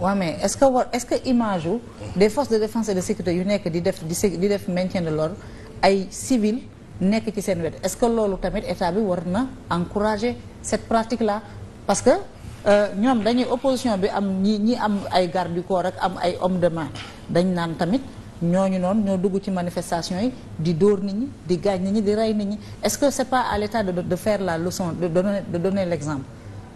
waaw mais est-ce que war ce que image wu des forces de défense et de sécurité yu nekk di def di def maintien de l'ordre ay civil nekk ci seen wet est-ce que loolu tamit état bi war na encourager cette pratique-là parce que euh, ñoom dañuy opposition bi am ñi ñi am ay garde du corps rek am ay homme de main dañ naan tamit ñoo ñooñu noonu ñoo dugg ci manifestation yi di dóor nit ñi di gaañ nit ñi di rey nit ñi est-ce que c'est pas à l'état de faire la leçon de donner l'exemple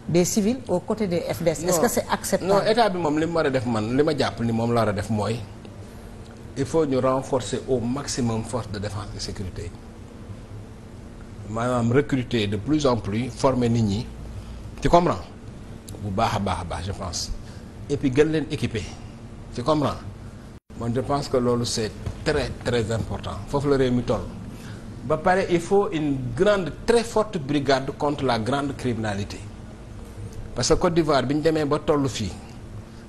des civils aux côté de FDS. est-ce que c'est acceptable non état bi moom li mu war a def man li ma jàpp ni moom la war a def mooy il faut ñu renforcer au maximum force de défense et sécurité yi maanaam recruter de plus en plus former nit ñi comme comprends bu baax a baax a baax je pense et puis gën leen équiper comme comprends man je pense que loolu c'est très très important foofu la réew mi toll. ba pare il faut une grande très forte brigade contre la grande criminalité. parce que Côte d'Ivoire bi ñu demee ba tollu fii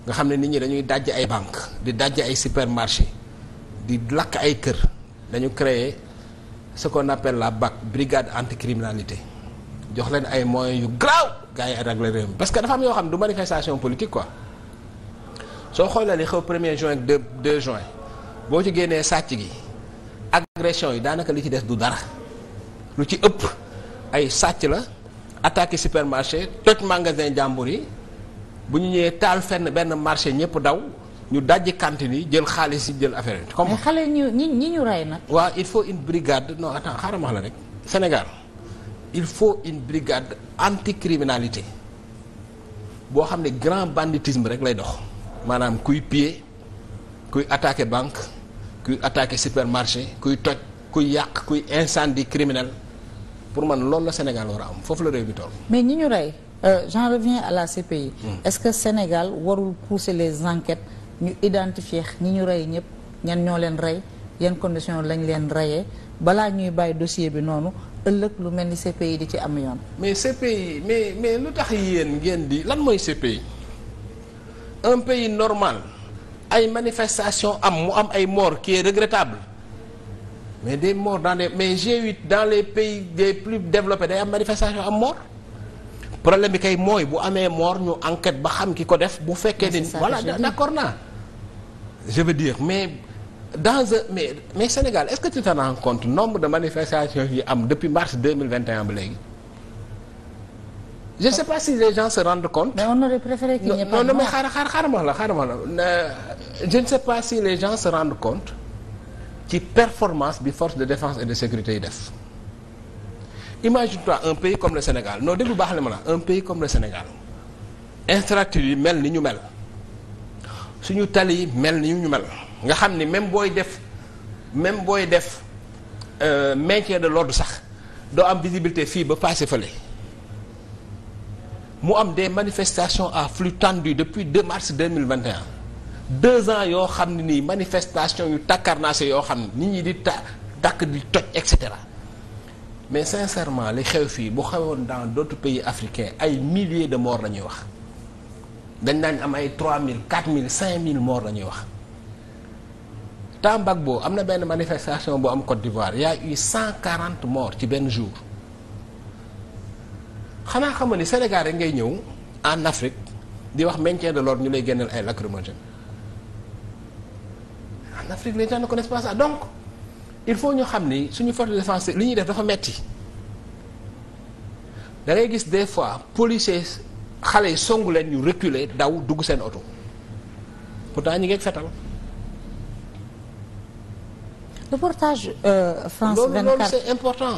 nga xam ne nit ñi dañuy dajj ay banque di dajj ay supermarché di lakk ay kër dañu créer ce qu'on appelle la BAC brigade anticriminalité jox leen ay moyens yu garaaw gars yi régler réew mi parce que dafa am yoo xam ne du manifestation politique quoi soo xoolee li xew premier juin ak deux deux juin boo ci génnee sàcc gi agression yi daanaka li ci des du dara lu ci ëpp ay sàcc la attaqué supermarché toj magasin jàmbur yi bu ñu ñëwee taal fenn benn marché ñëpp daw ñu dajji cantine yi jël xaalis yi jël affaire yi. comme xale ñu ñi ñi ñu rey nag. waa il faut une brigade non attends xaaral ma la rek. Sénégal il faut une brigade anticriminalité boo xam ne grand banditisme rek lay dox. maanaam kuy piller kuy attaqué banque kuy attaqué supermarché kuy toj kuy yàq kuy incendie criminel. pour man loolu la Sénégal war a am foofu la réew mi toll. mais ñi ñu rey euh, j'en reviens à la CPI. Hmm. est-ce que Sénégal warul pousser les enquêtes ñu identifier ñi ñu rey ñëpp ñan ñoo leen rey yan condition lañ leen reyee balaa ñuy bàyyi dossier bi noonu ëllëg lu mel ni yi di ci am yoon. mais CPI mais mais lu tax yéen ngeen di lan mooy CPI un pays normal ay manifestation am mu am ay mort qui est regrettable. mais des morts dans mais G8 dans les pays des plus développés day am manifestation am mort problème bi kay mooy bu amee mort ñu enquête ba xam ki ko def bu fekkee ne voilà d'accord na je veux dire mais dans mais mais Sénégal est que tu te rends compte nombre de manifestations yi am depuis mars 2021 ba léegi je ne sais pas si les gens se rendent compte. mais on aurait préféré qu'il n'y euh, les gens se rendent compte. ci performance bi force de défense et de sécurité yi def imagine-toi un pays comme le Sénégal noo non bu baax le ma la un pays comme le Sénégal infrastructures yi mel ni ñu mel suñu tali mel ni ñu mel nga xam ni même booy def même booy def euh, maintien de l'ordre sax doo am visibilité fii ba passé fële mu am des manifestations à flux tendu depuis 2 mars 2021 deux ans yoo xam ne nii manifestation yu takkarnaase yoo xam ne nit ñi di ta takk di toj et cetera mais sincèrement li xew fii bu xewoon dans d'autres pays africains ay milliers de morts la ñuy wax dañ daañ am ay 3000 4000 cinq morts la ñuy wax temps boo am na benn manifestation bu am Côte d'Ivoire y a cent 140 morts ci benn jour xanaa xam nga ni Sénégal rek ngay ñëw en Afrique di wax maintien de l'ordre ñu lay génneel ay lacrymogènes en Afrique les gens ne connaissent pas ça donc il faut ñu xam ni suñu force de défense li ñuy def dafa metti da ngay gis des fois policiers xale yi songu leen ñu reculer daw dugg seen oto pourtant ñu ngi fetal. reportage euh, France 24 loolu loolu c'est important.